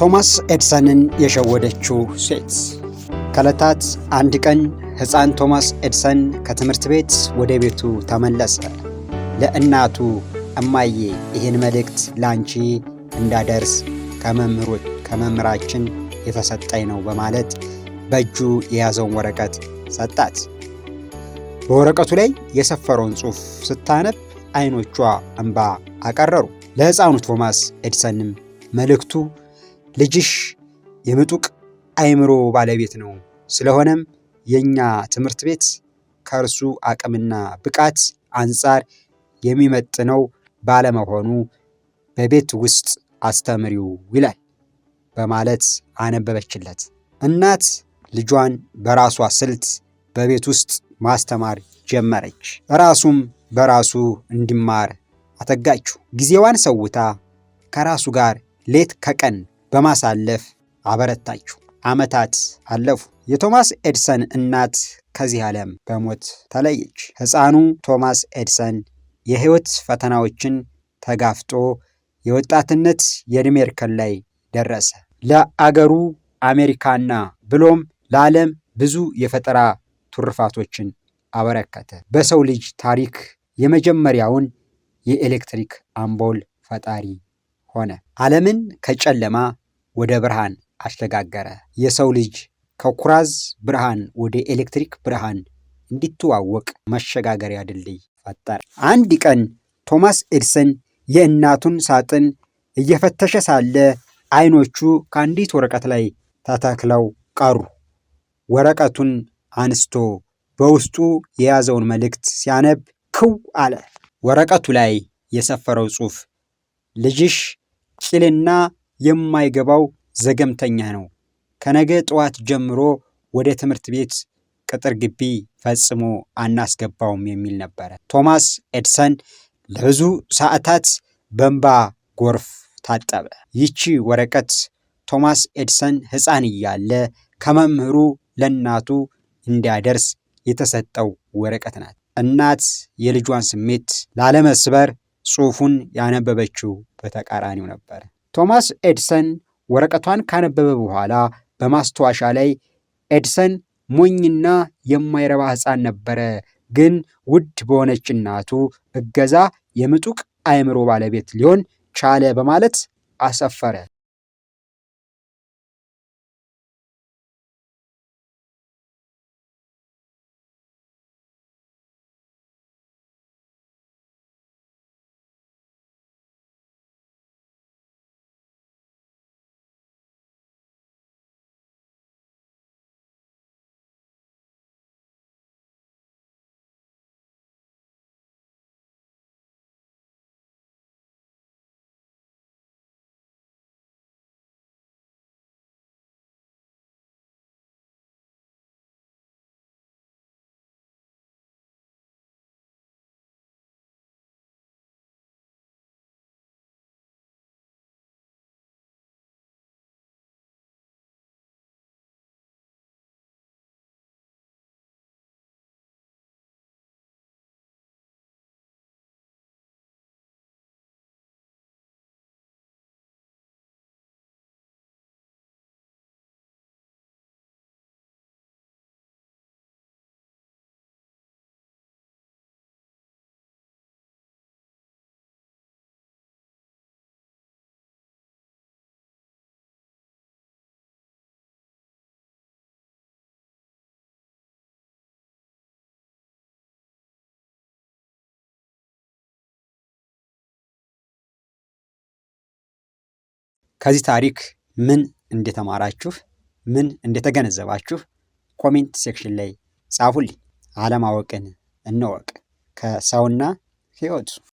ቶማስ ኤድሰንን የሸወደችው ሴት። ከዕለታት አንድ ቀን ሕፃን ቶማስ ኤድሰን ከትምህርት ቤት ወደ ቤቱ ተመለሰ። ለእናቱ እማዬ ይህን መልእክት ላንቺ እንዳደርስ ከመምህራችን የተሰጠኝ ነው በማለት በእጁ የያዘውን ወረቀት ሰጣት። በወረቀቱ ላይ የሰፈረውን ጽሑፍ ስታነብ አይኖቿ እንባ አቀረሩ። ለሕፃኑ ቶማስ ኤድሰንም መልእክቱ ልጅሽ የምጡቅ አእምሮ ባለቤት ነው። ስለሆነም የእኛ ትምህርት ቤት ከእርሱ አቅምና ብቃት አንጻር የሚመጥነው ባለመሆኑ በቤት ውስጥ አስተምሪው ይላል በማለት አነበበችለት። እናት ልጇን በራሷ ስልት በቤት ውስጥ ማስተማር ጀመረች። ራሱም በራሱ እንዲማር አተጋችው። ጊዜዋን ሰውታ ከራሱ ጋር ሌት ከቀን በማሳለፍ አበረታችሁ። ዓመታት አለፉ። የቶማስ ኤድሰን እናት ከዚህ ዓለም በሞት ተለየች። ሕፃኑ ቶማስ ኤድሰን የሕይወት ፈተናዎችን ተጋፍጦ የወጣትነት የዕድሜ እርከን ላይ ደረሰ። ለአገሩ አሜሪካና ብሎም ለዓለም ብዙ የፈጠራ ቱርፋቶችን አበረከተ። በሰው ልጅ ታሪክ የመጀመሪያውን የኤሌክትሪክ አምፖል ፈጣሪ ሆነ። ዓለምን ከጨለማ ወደ ብርሃን አሸጋገረ። የሰው ልጅ ከኩራዝ ብርሃን ወደ ኤሌክትሪክ ብርሃን እንዲተዋወቅ መሸጋገሪያ ድልድይ ፈጠረ። አንድ ቀን ቶማስ ኤድሰን የእናቱን ሳጥን እየፈተሸ ሳለ አይኖቹ ከአንዲት ወረቀት ላይ ተተክለው ቀሩ። ወረቀቱን አንስቶ በውስጡ የያዘውን መልእክት ሲያነብ ክው አለ። ወረቀቱ ላይ የሰፈረው ጽሑፍ ልጅሽ ቂልና የማይገባው ዘገምተኛ ነው። ከነገ ጠዋት ጀምሮ ወደ ትምህርት ቤት ቅጥር ግቢ ፈጽሞ አናስገባውም የሚል ነበረ። ቶማስ ኤድሰን ለብዙ ሰዓታት በእንባ ጎርፍ ታጠበ። ይቺ ወረቀት ቶማስ ኤድሰን ሕፃን እያለ ከመምህሩ ለእናቱ እንዲያደርስ የተሰጠው ወረቀት ናት። እናት የልጇን ስሜት ላለመስበር ጽሑፉን ያነበበችው በተቃራኒው ነበር። ቶማስ ኤድሰን ወረቀቷን ካነበበ በኋላ በማስታወሻ ላይ ኤድሰን ሞኝና የማይረባ ሕፃን ነበረ፣ ግን ውድ በሆነች እናቱ እገዛ የምጡቅ አእምሮ ባለቤት ሊሆን ቻለ በማለት አሰፈረ። ከዚህ ታሪክ ምን እንደተማራችሁ፣ ምን እንደተገነዘባችሁ ኮሜንት ሴክሽን ላይ ጻፉልኝ። አለማወቅን እንወቅ ከሰውና ህይወቱ?